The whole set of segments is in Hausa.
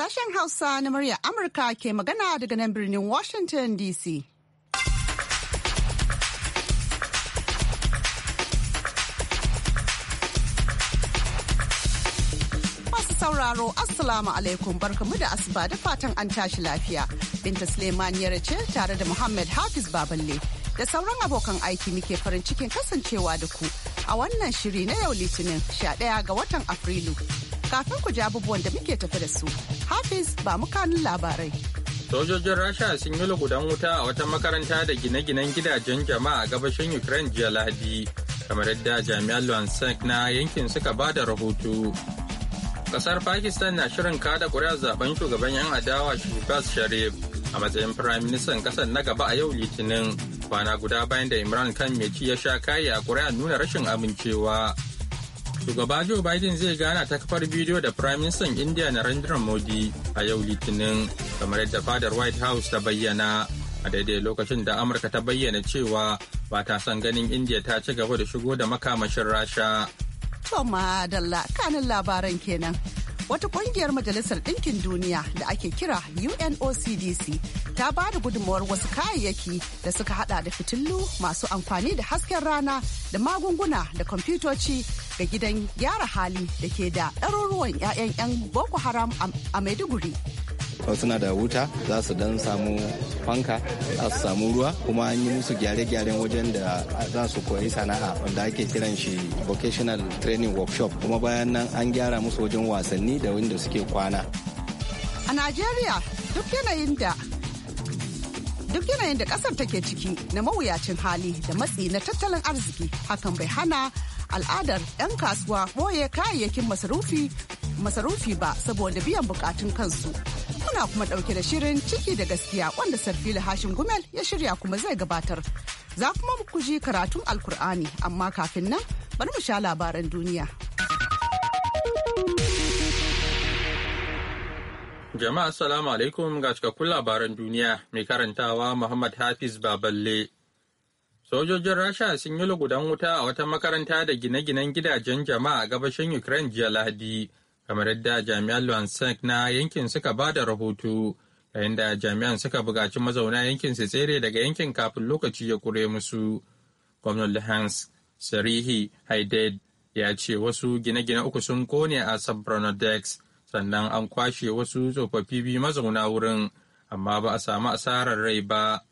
Sashen Hausa na murya Amurka ke magana daga nan birnin Washington DC. Masu sauraro Assalamu alaikum barkamu da asuba da fatan an tashi lafiya. Binta Suleiman ce tare da Muhammad Hafiz Baballe da sauran abokan aiki muke farin cikin kasancewa da ku a wannan shiri na yau Litinin 11 ga watan Afrilu. Kafin ku ji abubuwan da muke tafi da su, Hafiz ba mu kanun labarai. Sojojin Rasha sun yi lugudan wuta a wata makaranta da gine-ginen gidajen jama'a a gabashin Ukraine jiya Lahadi, kamar yadda jami'an Luhansk na yankin suka ba da rahoto. Kasar Pakistan na shirin kada kuri'ar zaben shugaban 'yan adawa Shehbaz Sharif a matsayin Firayim Ministan kasar na gaba a yau Litinin. kwana guda bayan da Imran Khan mai ci ya sha kayi a kuri'ar nuna rashin amincewa. Shugaba Joe Biden zai gana ta kafar bidiyo da Prime Minister India Narendra Modi a yau Litinin kamar yadda fadar White House ta bayyana a daidai lokacin da Amurka ta bayyana cewa ba ta son ganin India ta ci gaba da shigo da makamashin Rasha. Toma Dalla kanin labaran kenan. wata kungiyar majalisar ɗinkin duniya da ake kira UNOCDC ta ba da gudunmawar wasu kayayyaki da suka hada da fitilu masu amfani da hasken rana da magunguna da kwamfutoci ga gidan gyara hali da ke da ɗaruruwan 'ya'yan 'yan Boko Haram a Maiduguri. suna da wuta za su dan samu fanka za su samu ruwa kuma an yi musu gyare-gyaren wajen da za su koyi sana'a wanda ake kiran shi vocational training workshop kuma bayan nan an gyara musu wajen wasanni da wanda suke kwana a najeriya duk yanayin da duk yanayin da kasar take ciki na mawuyacin hali da matsi na tattalin arziki hakan bai hana al'adar 'yan kasuwa boye kayayyakin masarufi masarufi ba saboda biyan bukatun kansu Muna kuma ɗauke da shirin ciki da gaskiya wanda Sarfili Hashim Gumel ya shirya kuma zai gabatar. Za kuma ku ji karatun Alkur'ani amma kafin nan bari mu sha labaran duniya. Jama'a Assalamu alaikum ga cikakkun labaran duniya mai karantawa Muhammad Hafiz Baballe. Sojojin Rasha sun yi lugudan wuta a wata makaranta da gine-ginen gidajen jama'a a gabashin Ukraine jiya Lahadi. kamar yadda jami'an Luansek na yankin suka ba da rahoto yayin da jami'an suka bukaci mazauna yankin su tsere daga yankin kafin lokaci ya kure musu. Gwamnan Luhansk Sarihi Haided ya ce wasu gine-gine uku sun kone a Sabronodex sannan an kwashe wasu tsofaffi biyu mazauna wurin amma ba a samu asarar rai ba.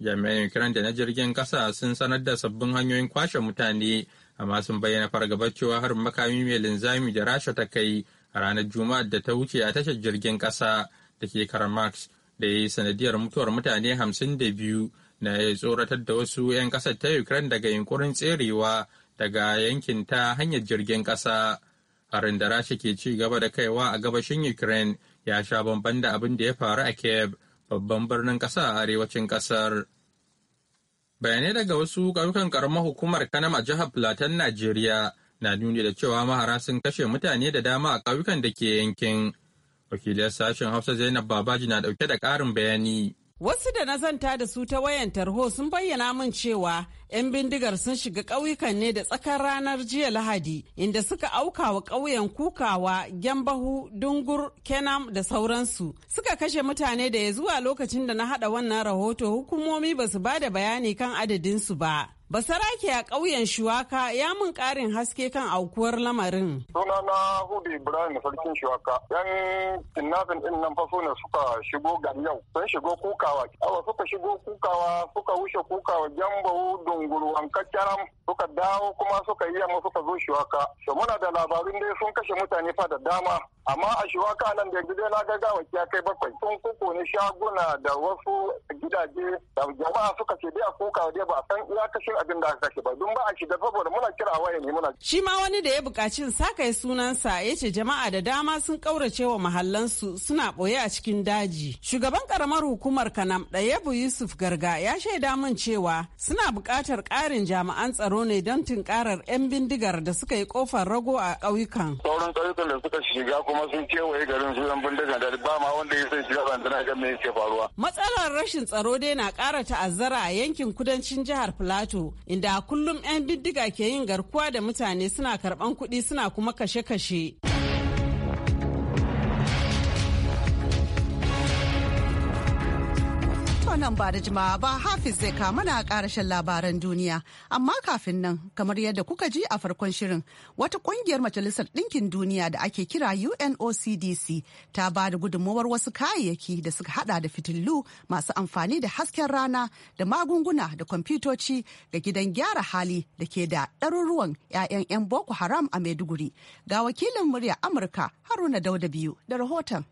Jami'an Ukraine da na jirgin kasa sun sanar da sabbin hanyoyin kwashe mutane amma sun bayyana fargabar cewa harin makami mai linzami da rasha ta kai a ranar Juma'ar da ta wuce a tashar jirgin kasa da ke Karamax da ya yi sanadiyar mutuwar mutane hamsin da biyu na ya tsoratar da wasu 'yan kasar ta Ukraine daga yunkurin tserewa daga yankin ta hanyar jirgin kasa Harin da Rasha ke ci gaba da kaiwa a gabashin Ukraine ya sha bamban da abin da ya faru a Kiev, babban birnin kasa a arewacin kasar. Bayanai daga wasu ƙauyukan ƙaramar hukumar kanama a jihar Plateau, Najeriya na nuni da cewa mahara sun kashe mutane da dama a ƙauyukan da ke yankin. Wakiliyar sashen Hausa Zainab Babaji na ɗauke da ƙarin bayani. Wasu da na zanta da su ta wayan tarho sun bayyana min cewa 'yan bindigar sun shiga ƙauyukan ne da tsakar ranar jiya Lahadi inda suka auka wa ƙauyen kukawa, gyambahu, dungur, kenam da sauransu. Suka kashe mutane da ya zuwa lokacin da na haɗa wannan rahoto hukumomi ba su ba da bayani kan adadinsu ba. Basarake a ƙauyen Shuwaka ya mun ƙarin haske kan aukuwar lamarin. Suna na Hudu Ibrahim Sarkin Shuwaka. Yan kinnafin ɗin nan faso ne suka shigo gari yau. Sun shigo kukawa. Awa suka shigo kukawa suka wuce kukawa jambawu dunguru kakkaram suka dawo kuma suka yi amma suka zo Shuwaka. To muna da labarin dai sun kashe mutane fa da dama. Amma a Shuwaka nan da gidan na gagawa ya kai bakwai. Sun kuku ne shaguna da wasu gidaje da jama'a suka ce dai a kukawa dai ba san iya abin da aka ba don ba a shiga saboda muna kira a waya ne muna. Shi ma wani da ya buƙaci saka ya sunansa ya ce jama'a da dama sun ƙaurace wa mahallansu suna ɓoye a cikin daji. Shugaban ƙaramar hukumar Kanam Ɗayabu Yusuf Garga ya shaida min cewa suna buƙatar ƙarin jami'an tsaro ne don tunkarar 'yan bindigar da suka yi ƙofar rago a ƙauyukan. Sauran ƙauyukan da suka shiga kuma sun kewaye garin su 'yan bindigar da ba ma wanda ya san shiga bandana ga me yake faruwa. Matsalar rashin tsaro dai na ƙara ta'azzara a yankin kudancin jihar plateau Inda inda kullum 'yan diddiga ke yin garkuwa da mutane suna karɓan kuɗi suna kuma kashe-kashe. nan ba da jimawa ba hafiz zai kama na karashen labaran duniya amma kafin nan kamar yadda kuka ji a farkon shirin wata kungiyar majalisar ɗinkin duniya da ake kira unocdc ta ba da gudunmawar wasu kayayyaki da suka hada da fitillu masu amfani da hasken rana da magunguna da kwamfutoci ga gidan gyara hali da ke da ɗaruruwan 'ya'yan 'yan boko haram a maiduguri ga wakilin murya amurka haruna dauda biyu da rahoton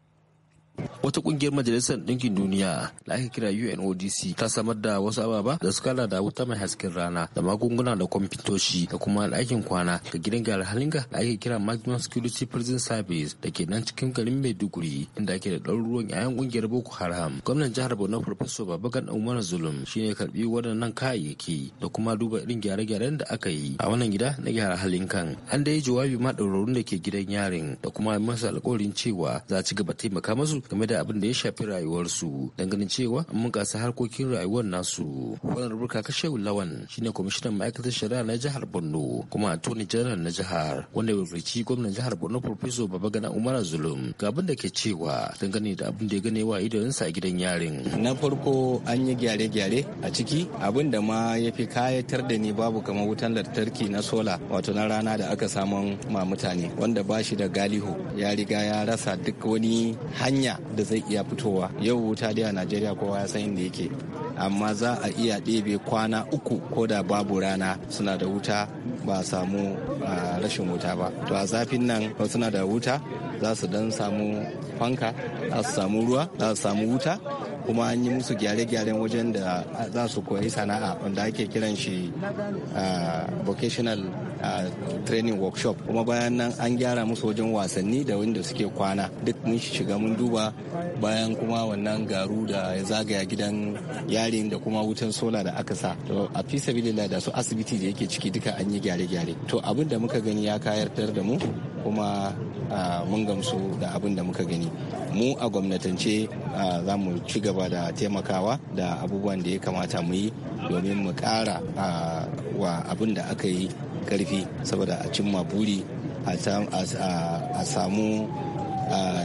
Wata kungiyar Majalisar Ɗinkin Duniya da aka kira UNODC ta samar da wasu ababa da suka da wuta mai hasken rana da magunguna da kwamfutoci da kuma ɗakin kwana ga gidan gyara halinga da aka kira Maximum Security Prison Service da ke nan cikin garin Maiduguri inda ake da ɗaruruwan 'ya'yan kungiyar Boko Haram. Gwamnan jihar Borno Farfesa Babagan Umar Zulum shine ne karɓi waɗannan kayayyaki da kuma duba irin gyare-gyaren da aka yi a wannan gida na gyara halinkan. An da yi jawabi ma ɗaurarun da ke gidan yarin da kuma masa alƙawarin cewa za a ci gaba taimaka masu game da abin da ya shafi rayuwarsu ganin cewa an bunkasa harkokin rayuwar nasu wannan ka kashe lawan shine kwamishinan ma'aikatar shari'a na jihar borno kuma attorney general na jihar wanda ya wakilci gwamnan jihar borno professor gana umar zulum ga abin da ke cewa dangane da abin da ya gane wa idanunsa a gidan yarin na farko an yi gyare-gyare a ciki abin da ma ya fi kayatar da ni babu kamar wutan lantarki na sola wato na rana da aka samun ma mutane wanda ba shi da galihu ya riga ya rasa duk wani hanya da zai iya fitowa yau wuta dai a najeriya kowa ya san inda yake amma za a iya ɗebe kwana uku ko da babu rana suna da wuta ba a samu rashin wuta ba to a zafin nan suna da wuta za su dan samu fanka za su samu ruwa za su samu wuta kuma an yi musu gyare-gyaren wajen da za su koyi sana'a wanda ake kiran shi ah, vocational ah, training workshop kuma bayan nan an gyara musu wajen wasanni da wanda suke kwana duk mun shiga mun duba bayan kuma wannan garu da ya zagaya gidan yarin da kuma wutan sola da aka sa to a fi da su asibiti da yake ciki duka an yi gyare-gyare to abin da muka gani ya kayar da mu kuma mun gamsu da abin da muka gani mu a gwamnatance za mu ci gaba da taimakawa da abubuwan da ya kamata mu yi domin mu ƙara wa abin da aka yi karfi saboda a cimma buri a samu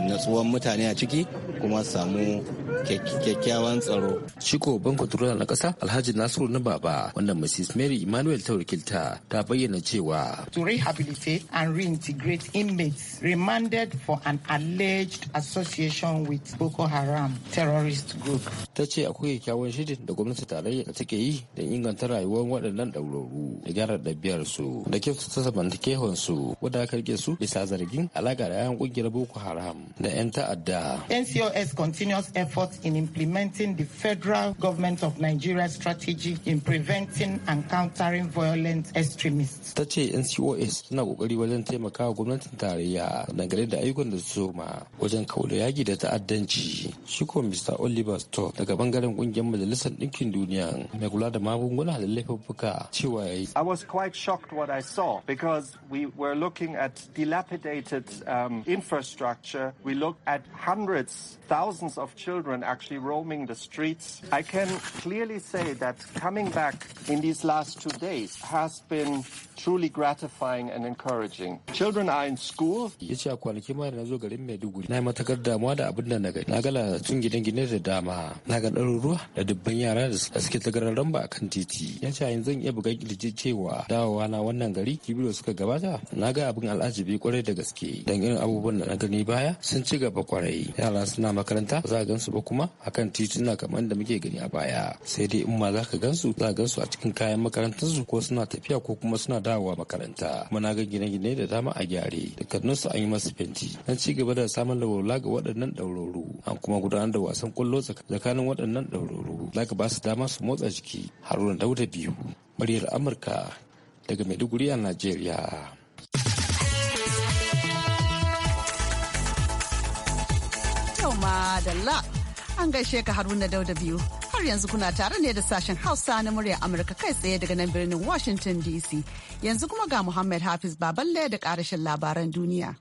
natsuwan mutane a ciki kuma samu kyakkyawan tsaro. Shiko Banko Turula na ƙasa Alhaji Nasiru na Baba wanda Mrs. Mary Emmanuel ta wakilta ta bayyana cewa. To rehabilitate and reintegrate inmates remanded for an alleged association with Boko Haram terrorist group. Ta ce akwai kyakkyawan shirin da gwamnati tarayya da take yi da inganta rayuwar waɗannan ɗauraru da gyara ɗabi'ar su da ta ke su wadda aka rike su bisa zargin alaƙa da 'ya'yan ƙungiyar Boko Haram da 'yan ta'adda. NCOS continuous effort in implementing the federal government of Nigeria's strategy in preventing and countering violent extremists. Ta ce NCOS suna kokari wajen taimakawa gwamnatin tarayya dangane da ayyukan da su wajen kaula yaki da ta'addanci. Shi ko Mr. Oliver daga bangaren kungiyar Majalisar Dinkin Duniya mai kula da magunguna da laifuffuka cewa yayi. I was quite shocked what I saw because we were looking at dilapidated um, infrastructure. We looked at hundreds, thousands of children and actually roaming the streets. I can clearly say that coming back in these last two days has been truly gratifying and encouraging. Children are in school. a kwanaki na zo garin Maiduguri na yi matakar damuwa da abin da na gani. Na gine da dama. Na ga ɗaruruwa da dubban yara da suke tagararren ba akan titi. Ya ce iya kirji cewa dawowa na wannan gari suka gabata. Na ga abin al'ajabi kwarai da gaske. Dan irin abubuwan da na gani baya sun ci gaba kwarai. Yara suna makaranta za a ba kuma akan tituna kamar da muke gani a baya sai dai in ma za ka gansu za gansu a cikin kayan makarantar su ko suna tafiya ko kuma suna dawowa makaranta kuma na ga gine-gine da dama a gyare da su an yi masu fenti an ci gaba da samun lawala ga waɗannan ɗauroro an kuma gudanar da wasan kwallo tsakanin waɗannan ɗauroro za ka ba su dama su motsa jiki haruna dauda biyu muryar amurka daga maiduguri a najeriya Yau ma da An gaishe ka Haruna Dauda biyu. Har yanzu kuna tare ne da sashen Hausa na murya Amurka kai tsaye daga nan birnin Washington DC. Yanzu kuma ga Muhammad Hafiz Baballe da karashin labaran duniya.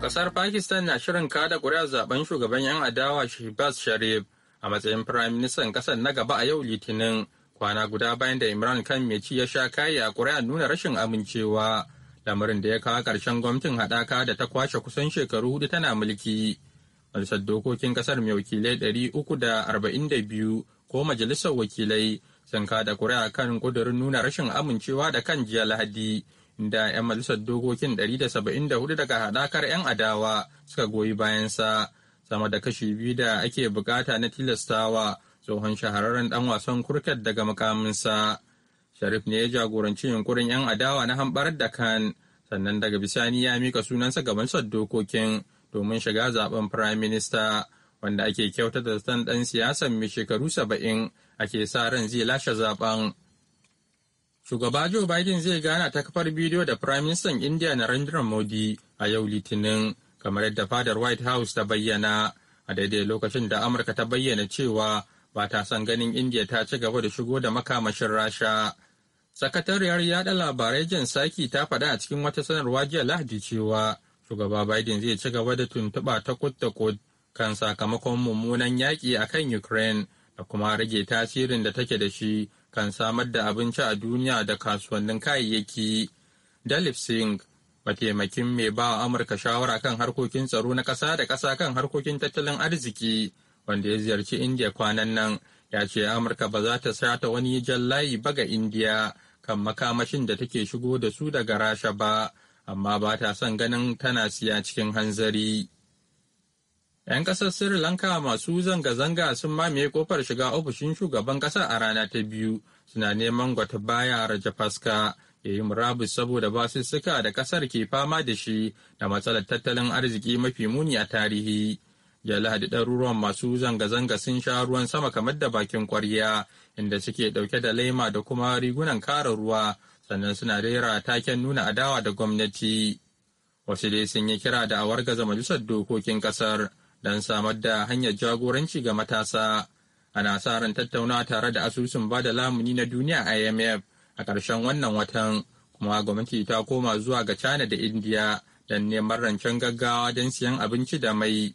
Kasar Pakistan na shirin kada kuri'ar zaben shugaban 'yan adawa shibas Sharif a matsayin Firayim Ministan kasar na gaba a yau Litinin kwana guda bayan da Imran kan mai ci ya sha kayi a kuri'ar nuna rashin amincewa. lamarin da ya kawo ƙarshen gwamnatin haɗaka da ta kwashe kusan shekaru hudu tana mulki. Majalisar dokokin ƙasar mai wakilai ɗari uku da arba'in da biyu ko majalisar wakilai sun kada kuri'a kan ƙudurin nuna rashin amincewa da kan jiya Lahadi. da 'yan majalisar dokokin 174 daga haɗakar 'yan adawa suka goyi bayansa sama da kashi biyu da ake bukata na tilastawa tsohon shahararren dan wasan kurket daga sa. Sharif ne ya jagoranci yunkurin 'yan adawa na hambarar da kan sannan daga bisani ya mika sunansa gaban dokokin domin shiga zaben firayim minista wanda ake kyauta da san ɗan siyasan mai shekaru saba'in ake sa ran zai lashe zaben. Shugaba Joe Biden zai gana ta kafar bidiyo da firayim ministan India Narendra Modi a yau Litinin kamar yadda fadar White House ta bayyana a daidai lokacin da Amurka ta bayyana cewa ba ta son ganin India ta ci gaba da shigo da makamashin Rasha. Sakatariyar yada labarai jan saki ta faɗa a cikin wata sanarwa jiya Lahadi cewa shugaba Biden zai ci gaba da tuntuɓa ta kud da kan sakamakon mummunan yaƙi a kan Ukraine da kuma rage tasirin da take da shi kan samar da abinci a duniya da kasuwannin kayayyaki. Dalip Singh mataimakin mai ba Amurka shawara kan harkokin tsaro na ƙasa da ƙasa kan harkokin tattalin arziki wanda ya ziyarci India kwanan nan ya ce Amurka ba za ta sata wani jan layi ba ga India kan makamashin da take shigo da su daga rasha ba amma ba ta son ganin tana siya cikin hanzari 'yan ƙasar sri lanka masu zanga-zanga sun mamaye kofar shiga ofishin shugaban ƙasa a rana ta biyu suna neman baya rajafaska ya yi murabus saboda basussuka da ƙasar ke fama da shi da matsalar tattalin arziki mafi muni a tarihi ya lahadi ɗaruruwan masu zanga-zanga sun sha ruwan sama kamar da bakin kwarya inda suke ɗauke da laima da kuma rigunan kara ruwa sannan suna rera taken nuna adawa da gwamnati wasu dai sun yi kira da a wargaza majalisar dokokin kasar don samar da hanyar jagoranci ga matasa ana sa ran tattaunawa tare da asusun ba da lamuni na duniya imf a ƙarshen wannan watan kuma gwamnati ta koma zuwa ga china da india don neman rancen gaggawa don siyan abinci da mai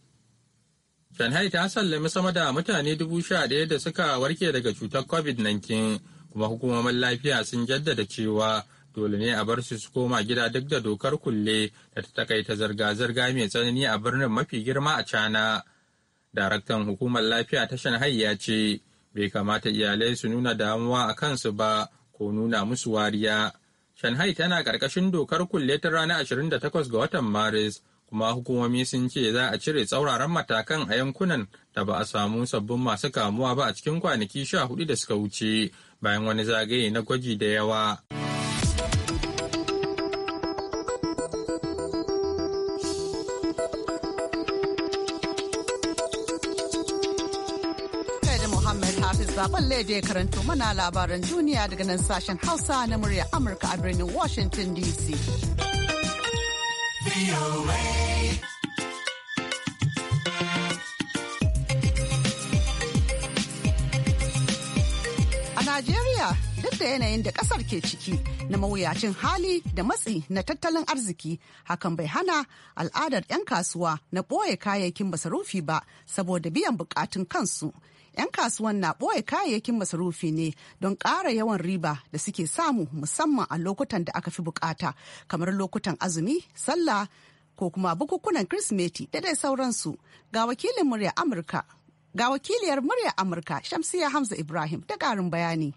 Shanghai ta sallami sama da mutane dubu sha ɗaya da suka warke daga cutar COVID-19 kuma hukumomin lafiya sun jaddada cewa dole ne a bar su su koma gida duk da dokar kulle da ta takaita zirga-zirga mai tsanani a birnin mafi girma a Cana. Daraktan hukumar lafiya ta Shanghai ya ce bai kamata iyalai su nuna damuwa a kansu ba ko nuna musu wariya. Shanghai tana ƙarƙashin dokar kulle ta ranar 28 ga watan Maris kuma hukumomi sun ce za a cire tsauraran matakan a yankunan da ba a samu sabbin masu kamuwa ba a cikin kwanaki sha hudu da suka wuce bayan wani zagaye na gwaji da yawa. zaben da ya karanto mana labaran duniya daga nan sashen hausa na murya amurka a birnin washington dc. da yanayin da kasar ke ciki na mawuyacin hali da matsi na tattalin arziki hakan bai hana al'adar 'yan kasuwa na ɓoye kayayyakin masarufi ba saboda biyan bukatun kansu 'yan kasuwan na ɓoye kayayyakin masarufi ne don ƙara yawan riba da suke samu musamman a lokutan da aka fi bukata kamar lokutan azumi sallah ko kuma bukukunan kirsimeti da dai sauransu ga wakiliyar murya amurka shamsiya hamza ibrahim da ƙarin bayani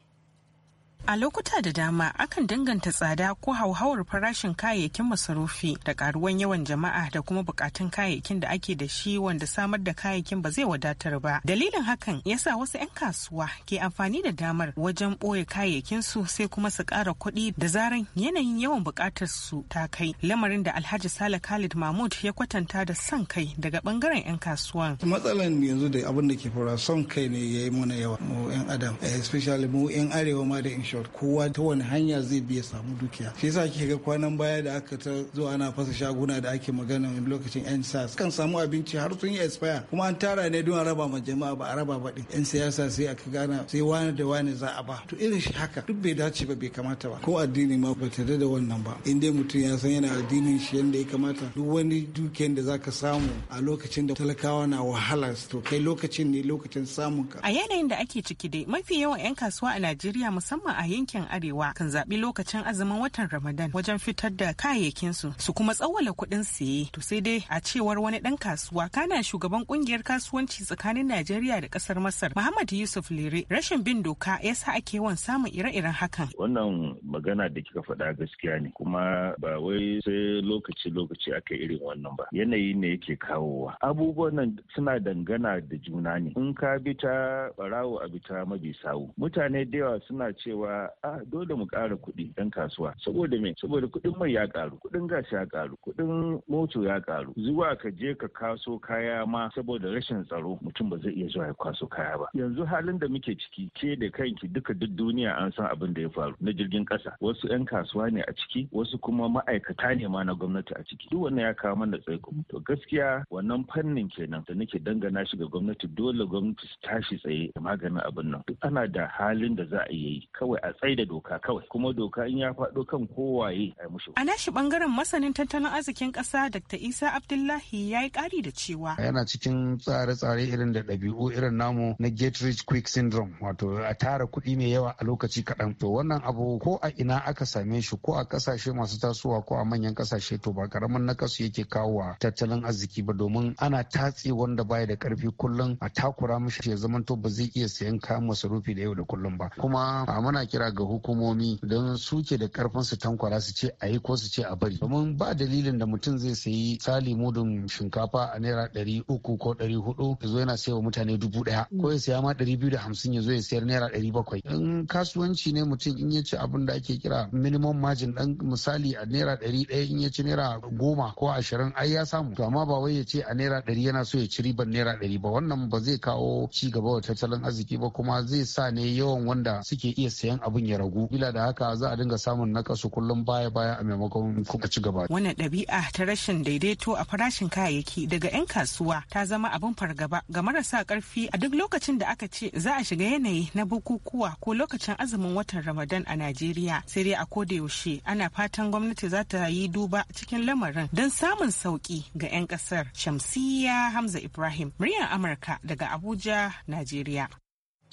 A lokuta da dama akan danganta tsada ko hauhawar farashin kayayyakin masarufi da karuwan yawan jama'a da kuma bukatun kayayyakin da ake da shi wanda samar da kayayyakin ba zai wadatar ba. Dalilin hakan yasa wasu 'yan kasuwa ke amfani da damar wajen ɓoye kayayyakin su sai kuma su ƙara kuɗi da zaran yanayin yawan bukatar su ta kai. Lamarin da Alhaji Sale Khalid Mahmud ya kwatanta da son kai daga bangaren 'yan kasuwan. Matsalan yanzu da abin da ke fara son kai ne ya yi mana yawa mu 'yan adam eh, especially mu 'yan arewa ma da inshora. shot kowa ta wani hanya zai biya samu dukiya shi yasa kike ga kwanan baya da aka ta zo ana fasa shaguna da ake magana lokacin yan siyasa kan samu abinci har sun yi expire kuma an tara ne don a raba ma jama'a ba a raba ba din yan siyasa sai aka gana sai wani da wani za a ba to irin shi haka duk bai dace ba bai kamata ba ko addini ma ba ta da wannan ba in dai mutum ya san yana addinin shi yanda ya kamata duk wani dukiyar da zaka samu a lokacin da talakawa na wahala to kai lokacin ne lokacin samun ka a yanayin da ake ciki dai mafi yawan yan kasuwa a Najeriya musamman a yankin arewa kan zaɓi lokacin azumin watan ramadan wajen fitar da kayayyakin su su kuma tsawwala kuɗin siye to sai dai a cewar wani ɗan kasuwa kana shugaban ƙungiyar kasuwanci tsakanin najeriya da ƙasar masar muhammad yusuf lere rashin bin doka ya sa ake yawan samun ire-iren hakan wannan magana da kika faɗa gaskiya ne kuma ba wai sai lokaci-lokaci aka irin wannan ba yanayi ne yake kawowa abubuwan nan suna dangana da juna ne in ka bi ta barawo a bi ta mabi sawu mutane da yawa suna cewa cewa a dole mu ƙara kuɗi ɗan kasuwa saboda me saboda kuɗin mai ya ƙaru kuɗin gas ya ƙaru kuɗin moto ya ƙaru zuwa ka je ka kaso kaya ma saboda rashin tsaro mutum ba zai iya zuwa ya kwaso kaya ba yanzu halin da muke ciki ke da kanki duka duk duniya an san abin da ya faru na jirgin ƙasa wasu 'yan kasuwa ne a ciki wasu kuma ma'aikata ne ma na gwamnati a ciki duk wannan ya kawo mana tsaiko to gaskiya wannan fannin kenan da nake dangana shi ga gwamnati dole gwamnati su tashi tsaye da maganin abin nan duk ana da halin da za a yi kawai kawai a da doka kawai kuma doka in ya faɗo kan kowaye a mushi. A nashi bangaren masanin tattalin arzikin ƙasa Dr. Isa Abdullahi ya yi ƙari da cewa. Yana cikin tsare-tsare irin da ɗabi'u irin namu na get rich quick syndrome wato a tara kuɗi mai yawa a lokaci kaɗan. To wannan abu ko a ina aka same shi ko a ƙasashe masu tasowa ko a manyan ƙasashe to ba ƙaramin nakasu yake kawo wa tattalin arziki ba domin ana tatsi wanda baya da ƙarfi kullum a takura mishi ya zamanto ba zai iya sayan kayan masarufi da yau da kullum ba. Kuma muna kira ga hukumomi don suke da karfin su tankwara su ce a yi ko su ce a bari domin ba dalilin da mutum zai sayi sali mudun shinkafa a naira ɗari uku ko ɗari hudu ya zo yana wa mutane dubu ɗaya ko ya saya ma ɗari biyu da hamsin ya zo ya sayar naira ɗari bakwai in kasuwanci ne mutum in ya ci abin da ake kira minimum margin ɗan misali a naira ɗari ɗaya in ya ci naira goma ko ashirin ai ya samu to amma ba wai ya ce a naira ɗari yana so ya ci riban naira ɗari ba wannan ba zai kawo ci gaba wa tattalin arziki ba kuma zai sa ne yawan wanda suke iya sayan nan abin ya ragu bila da haka za a dinga samun nakasu kullum baya baya a maimakon kuka ci gaba wannan ɗabi'a ta rashin daidaito a farashin kayayyaki daga 'yan kasuwa ta zama abin fargaba ga marasa karfi a duk lokacin da aka ce za a shiga yanayi na bukukuwa ko lokacin azumin watan ramadan a najeriya sai dai a koda yaushe ana fatan gwamnati za ta yi duba cikin lamarin don samun sauki ga 'yan kasar shamsiya hamza ibrahim muryar amurka daga abuja najeriya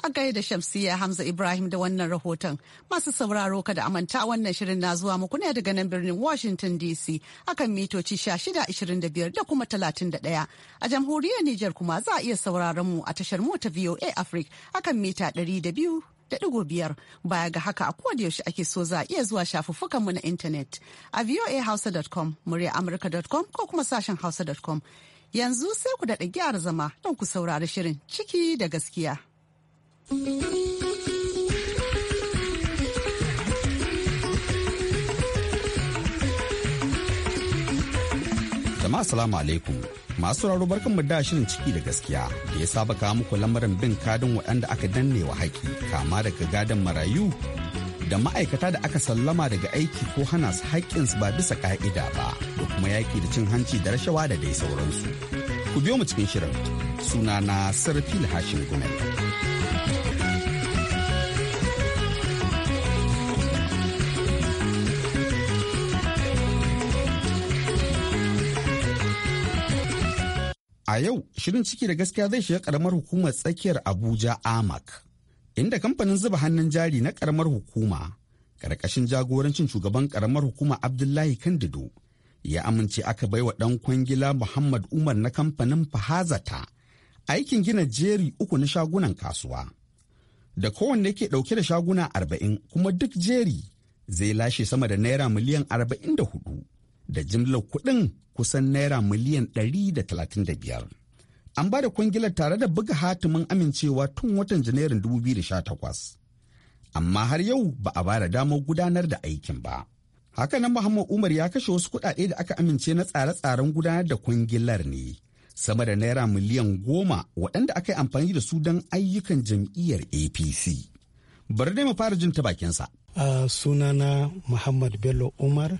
a da shamsiyya hamza ibrahim da wannan rahoton masu sauraro kada a manta wannan shirin na zuwa muku ne daga nan birnin washington dc akan mitoci 1625 da kuma 31 a jamhuriyar niger kuma za a iya sauraron mu a tashar mota voa africa akan mita 200 da digo biyar baya ga haka a yaushe ake so za iya zuwa shafuffukan mu na intanet a voahausa.com murya amurka.com ko kuma sashen hausa.com yanzu sai ku daɗa gyara zama don ku saurari shirin ciki da gaskiya. Jama'a salamu alaikum masu sauraro barkan mu da shirin ciki da gaskiya da ya saba kawo muku lamarin bin kadin waɗanda aka danne wa haƙi kama daga gadon marayu da ma'aikata da aka sallama daga aiki ko hana su haƙƙinsu ba bisa ƙa'ida ba da kuma yaƙi da cin hanci da rashawa da dai sauransu. Ku biyo mu cikin shirin sunana Sarfil Lahashin Gumel. A yau, shirin ciki da gaskiya zai shiga karamar hukumar tsakiyar Abuja Amak, inda kamfanin zuba hannun jari na karamar hukuma, karkashin jagorancin shugaban karamar hukuma Abdullahi Kandido, ya amince aka baiwa ɗan kwangila Muhammad Umar na kamfanin Fahazata aikin gina jeri uku na shagunan kasuwa. Da kowanne ke ɗauke da shaguna arba'in kuma duk jeri zai lashe sama da naira miliyan arba'in da hudu da jimlar kuɗin kusan naira miliyan 135. An ba da kwangilar tare da buga hatimin amincewa tun watan Janairun 2018. Amma har yau ba a ba damar gudanar da aikin ba. Hakanan Muhammad Umar ya kashe wasu kuɗaɗe da aka amince na tsare-tsaren gudanar da kwangilar ne. Sama da naira miliyan goma waɗanda aka yi amfani da su don ayyukan jam'iyyar APC. Bari dai mu fara jin ta bakinsa. Uh, sunana Muhammad Bello Umar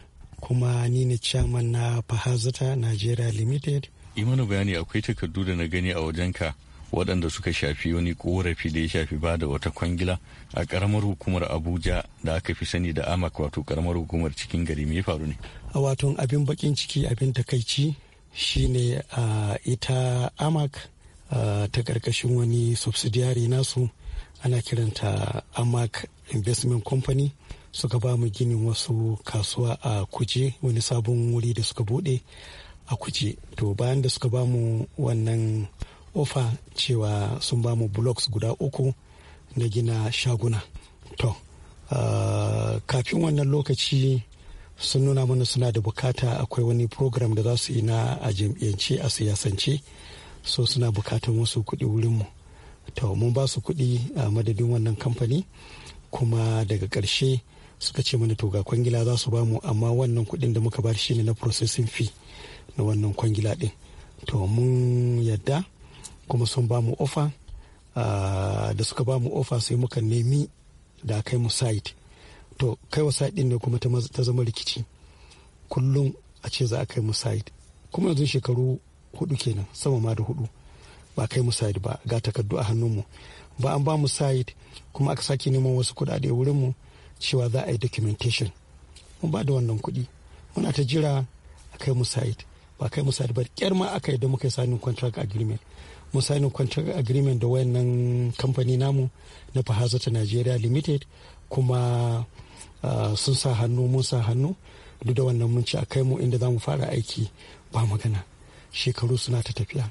kuma ni ne chairman na Fahazata Nigeria Limited. imanu bayani akwai takardu da na gani a wajenka waɗanda suka shafi wani korafi da ya shafi ba da wata kwangila a ƙaramar hukumar abuja da aka fi sani da amak wato ƙaramar hukumar cikin gari mai faru ne a wato abin bakin ciki abin takaici shine a ita amak ta ƙarƙashin wani subsidiary nasu ana kiranta amak investment company suka ba mu ginin wasu kasuwa a kuje wani sabon wuri da suka bude a kuje to bayan da suka ba mu wannan ofa cewa sun ba mu blocks guda uku na gina shaguna to uh, kafin wannan lokaci sun nuna mana suna da bukata akwai wani program da za su yi na a jam'iyyance a siyasance so suna bukatan wasu kuɗi wurinmu to mun ba su kuɗi a madadin wannan kamfani kuma daga ƙarshe suka ce mana to ga kwangila za su bamu amma wannan kuɗin da muka bar shi ne na processing fee na wannan kwangila ɗin to mun yadda kuma sun bamu ofa da suka bamu ofa sai muka nemi da kai mu site to kai wa site din ne kuma ta zama rikici kullum a ce za a kai mu site kuma yanzu shekaru hudu kenan sama ma da hudu ba kai mu site ba ga takardu a hannunmu ba an bamu mu site kuma aka sake neman wasu kuɗaɗe wurinmu mu cewa za a yi documentation mun ba da wannan kuɗi muna ta jira a kai musaid ba kai musaid ba kyar ma aka yi da muka yi sanin contract agreement mun sanin contract agreement da wayannan kamfani namu na fahaza ta nigeria limited kuma ah, sun sa hannu mun sa hannu duk da wannan mun ci a kai mu inda za mu fara aiki ba magana shekaru suna ta tafiya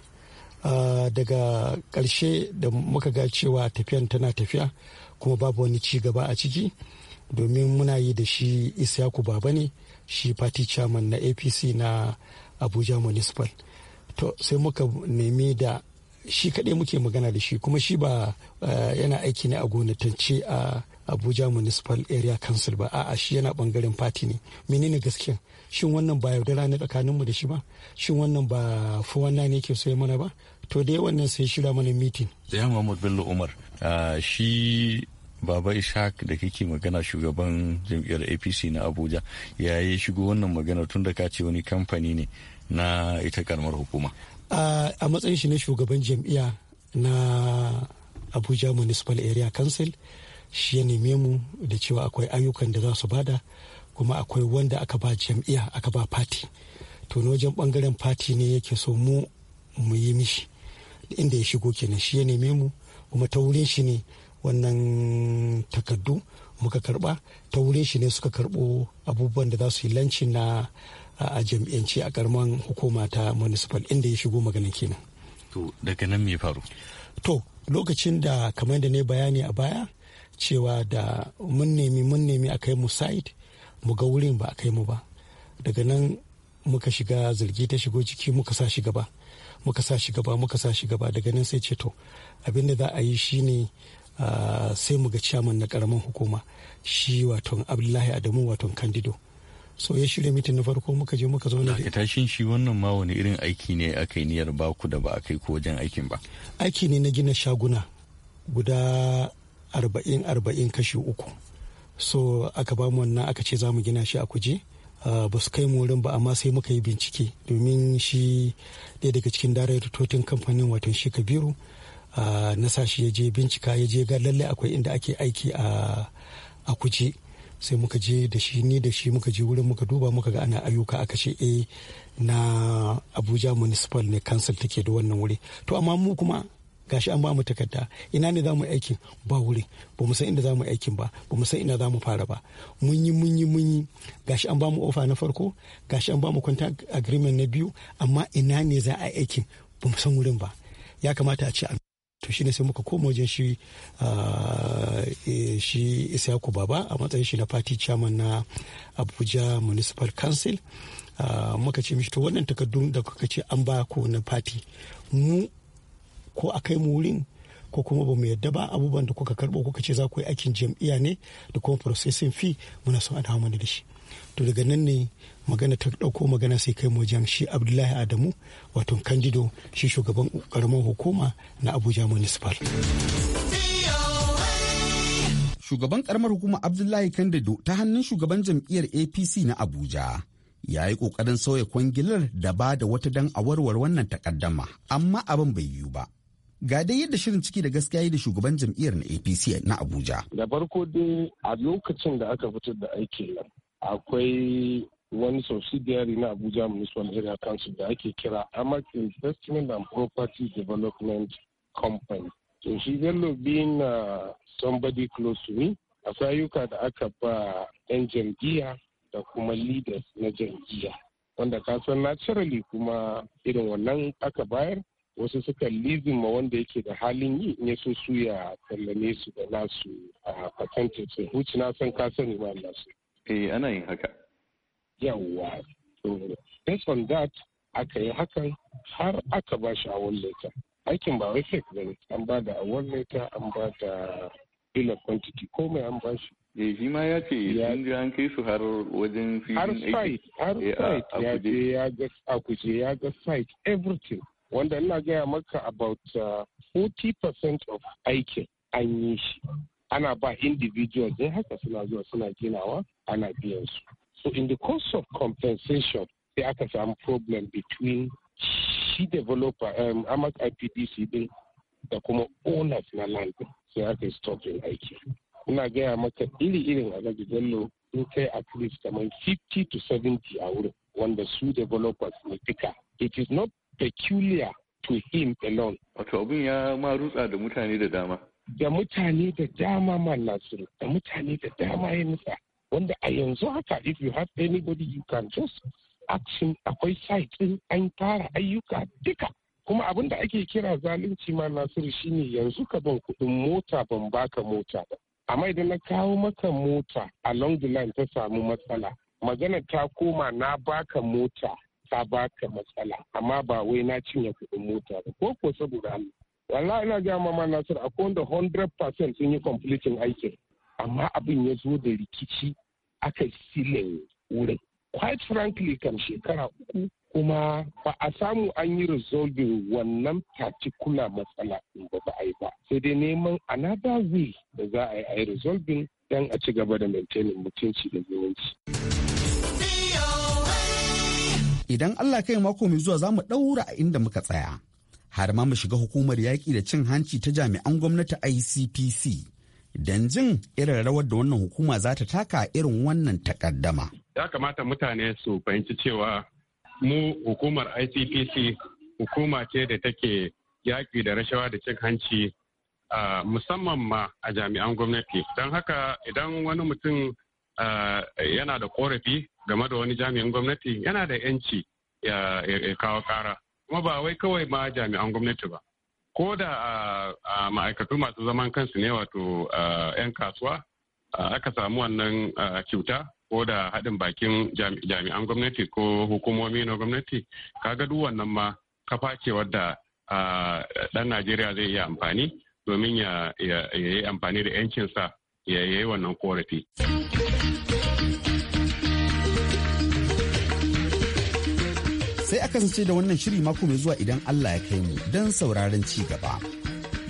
ah, daga ƙarshe da muka ga cewa tafiyan tana tafiya kuma babu wani ci gaba a ciki domin muna yi da shi isyaku baba ne shi party chairman na apc na abuja municipal to sai muka nemi da shi kaɗai muke magana da shi kuma shi ba eh, yana aiki ne a gonatance a abuja municipal area council ba a'a shi yana bangaren fati ne menene gaskiya shin wannan ba yaudara na tsakaninmu da shi ba shin wannan ba fuwanna ne ke so mana ba to dai wannan sai shira mana mitin zayan mahmud bello umar eh, shi baba ishaq da kake magana shugaban jam'iyyar apc na abuja ya yi shigo wannan magana tun da ka ce wani kamfani ne na ita karamar hukuma a matsayin shi na shugaban jam'iyya na abuja municipal area council shi ya neme mu da cewa akwai ayyukan da za su bada kuma akwai wanda aka ba jam'iyya aka ba fati to na wajen bangaren fati ne yake so mu mu yi mishi inda ya shigo kenan shi ya neme mu kuma ta wurin shi ne wannan takardu muka karba ta wurin shi ne suka karbo abubuwan da za su yi lanci na a jami'anci a karman hukuma ta municipal inda ya shigo maganin kenan to daga nan me faru to lokacin da kamar da ne bayani a baya cewa da mun nemi mun nemi a kai mu site mu ga wurin ba a kai mu ba daga nan muka shiga zargi ta shigo jiki muka sa shi gaba muka sa shi gaba muka sa shi gaba daga nan sai ce to abin da za a yi shine sai mu ga ciyaman na karamin hukuma shi waton abdullahi adamu waton kandido so ya shirya mitin na farko muka je muka zauna da tashin shi wannan ma wani irin aiki ne aka yi niyyar ku da ba a kai ko wajen aikin ba aiki ne na gina shaguna guda arba'in arba'in kashi uku so aka bamu wannan aka ce za mu gina shi a kuje ba su kai mu wurin ba amma sai muka yi bincike domin shi ɗaya daga cikin totin kamfanin watan shi kabiru na sashi ya je bincika ya je ga lallai akwai inda ake aiki a kuje sai muka je da shi ni da shi muka je wurin muka duba muka ga ana ayyuka aka ce eh na abuja municipal ne council take da wannan wuri to amma mu kuma gashi an ba mu takarda ina ne za mu aikin ba wuri ba mu san inda za mu aikin ba ba mu san ina za mu fara ba mun yi mun yi mun yi gashi an ba mu ofa na farko gashi an ba mu kwanta agreement na biyu amma ina ne za a aikin ba mu san wurin ba ya kamata a ce to shine sai muka koma wajen shi ah, eh, shi Isaku Baba a matsayin shi na party chairman na Abuja Municipal Council ah, muka ce mishi to wannan takardun da kuka ce an ba ku na party mu ko a kai mu wurin ko kuma ba mu yadda ba abubuwan da kuka karɓo kuka ce za ku yi aikin jam'iyya ne da kuma processing fee muna son a dawo mana da shi to daga nan ne magana ta ɗauko magana sai kai wajen shi abdullahi adamu wato kandido shi shugaban karamar hukuma na abuja municipal shugaban karamar hukuma abdullahi kandido ta hannun shugaban jam'iyyar apc na abuja ya yi ƙoƙarin sauya kwangilar da ba da wata dan a wannan takaddama amma abin bai yiwu ba ga dai yadda shirin ciki da gaskiya yi da shugaban jam'iyyar na apc na abuja da farko dai a lokacin da aka fitar da aiki nan akwai wani subsidiary na abuja municipal area council da ake kira amak investment and property development company to shi bello being uh, somebody close to me a sayuka da aka ba 'yan jam'iyya da kuma leaders na jam'iyya wanda ka san naturally kuma irin wannan aka bayar wasu suka lizin ma wanda yake da halin yi in yaso su ya tsallame su da nasu a percentage sun huci na san ka sani ma Allah su. Eh ana yin haka. Yawwa. Based on that aka yi hakan har aka ba shi awon leta. Aikin ba wai fake ne. an ba da awon leta an ba da bill of quantity komai an ba shi. Eh shi ma ya ce sun ji an kai su har wajen filin aiki. Har site har eh, site ya ce a kuje ya ga site everything. wanda ina gaya maka about uh, 40% of aikin an yi shi ana ba individual dai haka suna zuwa suna ginawa ana biyan su so in the course of compensation sai aka samu problem between shi developer um, amak ipdc din da kuma owners na land sai aka stop stopping aiki ina gaya maka iri-irin a Bello sun kai at least kamar 50 to 70 a wurin wanda su developers ne fika it is not peculiar to him alone. Wato abin ya ma rutsa da mutane da dama. Da mutane da dama ma Nasiru, da mutane da dama ya nufa. Wanda a yanzu haka if you have anybody you can just action akwai site ɗin an fara ayyuka duka. Kuma abin da ake kira zalunci ma Nasiru shine yanzu ka ban kuɗin mota ban baka mota ba. Amma idan na kawo maka mota a long line ta samu matsala. Magana ta koma na baka mota ta baka matsala amma ba wai na cinye kuɗin mota ba ko ko saboda Allah wallahi ina ga mama Nasir akwai da 100% sun yi completing aikin amma abin ya zo da rikici aka silin wurin quite frankly kam shekara uku kuma ba a samu an yi resolving wannan particular matsala in ba a yi ba sai dai neman another way da za a yi a yi resolving don a ci gaba da maintaining mutunci da zumunci. Idan Allah kai mako mai zuwa za mu ɗaura a inda muka tsaya. Har ma mu shiga hukumar yaƙi da cin hanci ta jami'an gwamnati ICPC. Don jin irin rawar da wannan hukuma za ta taka irin wannan takaddama. Ya kamata mutane su fahimci cewa mu hukumar ICPC hukuma ce da take yaƙi da rashawa da cin hanci uh, musamman ma a jami'an gwamnati don haka idan wani mutum uh, yana da korafi game da wani jami'an gwamnati yana da yanci ya kawo kara kuma ba wai kawai ma jami'an gwamnati ba ko da a ma'aikatu masu zaman kansu ne wato 'yan kasuwa aka samu wannan cuta ko da haɗin bakin jami'an gwamnati ko hukumomi na gwamnati kaga duk wannan ma kafa ce wadda ɗan najeriya zai iya amfani domin ya yi amfani da 'yancinsa ya yi wannan korafi. sai a kasance da wannan shiri mako mai zuwa idan Allah ya kai mu don sauraron ci gaba.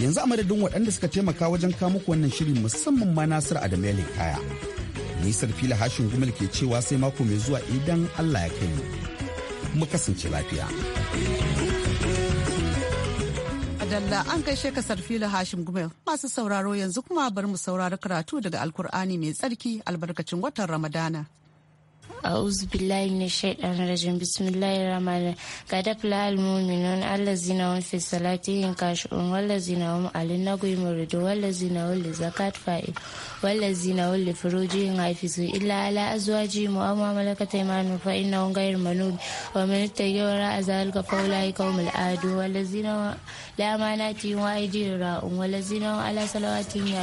Yanzu a madadin waɗanda suka taimaka wajen muku wannan shiri musamman ma Nasir Adamu ya kaya. Nisar fila hashin gumal ke cewa sai mako mai zuwa idan Allah ya kai mu. Mu kasance lafiya. Adalla an kai ka sarfila Hashim Gumel masu sauraro yanzu kuma bari mu saurari karatu daga Alkur'ani mai tsarki albarkacin watan Ramadana. Ausubilayi nishad anirai jima bisumilayi ramalai gadakila alamomi nono Allah zina on fisa la tinyan kashi ono Allah zina on Ali na kunyi muriddo Allah zina wallazina walli furujihim hafizu illa ala azwajihim wa ma malakat aymanuhum fa innahum ghayru manub wa man ittaqa wara zalika fa ulaika humul adu wallazina la amanatihim wa aydihim ra'un wallazina ala salawatihim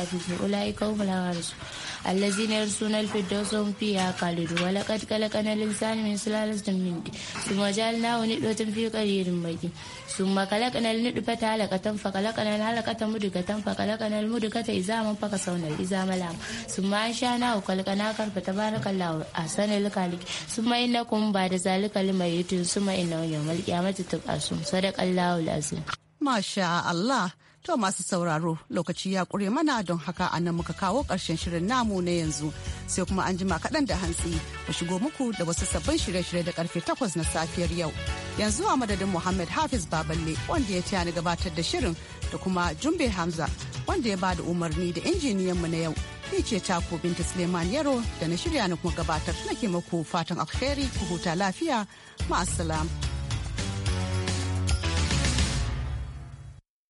الذين يرسون الفردوس هم فيها خالدون ولقد خلقنا الإنسان من سلالة من ثم جعلناه نطفة في قرير مكين ثم خلقنا النطفة علقة فخلقنا العلقة مدقة فخلقنا المدقة إذا من فكسونا zama ملا su ma sha nahu kalkana karfa tabarakallahu da khaliq mai innakum ba'da zalika limayitun summa innahu yawmal qiyamati tub'asun sadaqallahu alazim masha Allah To masu sauraro lokaci ya ƙure mana don haka a nan muka kawo ƙarshen shirin namu na yanzu sai kuma an jima kaɗan da hantsi mu shigo muku da wasu sabbin shirye-shirye da karfe takwas na safiyar yau. Yanzu a madadin Muhammad Hafiz Baballe wanda ya taya ni gabatar da shirin da kuma Jumbe Hamza wanda ya bada umarni da injiniyan mu na yau. Ni ce ta ko Binta Suleiman Yaro da na shirya ni kuma gabatar nake maku fatan alheri ku huta lafiya ma'asalam.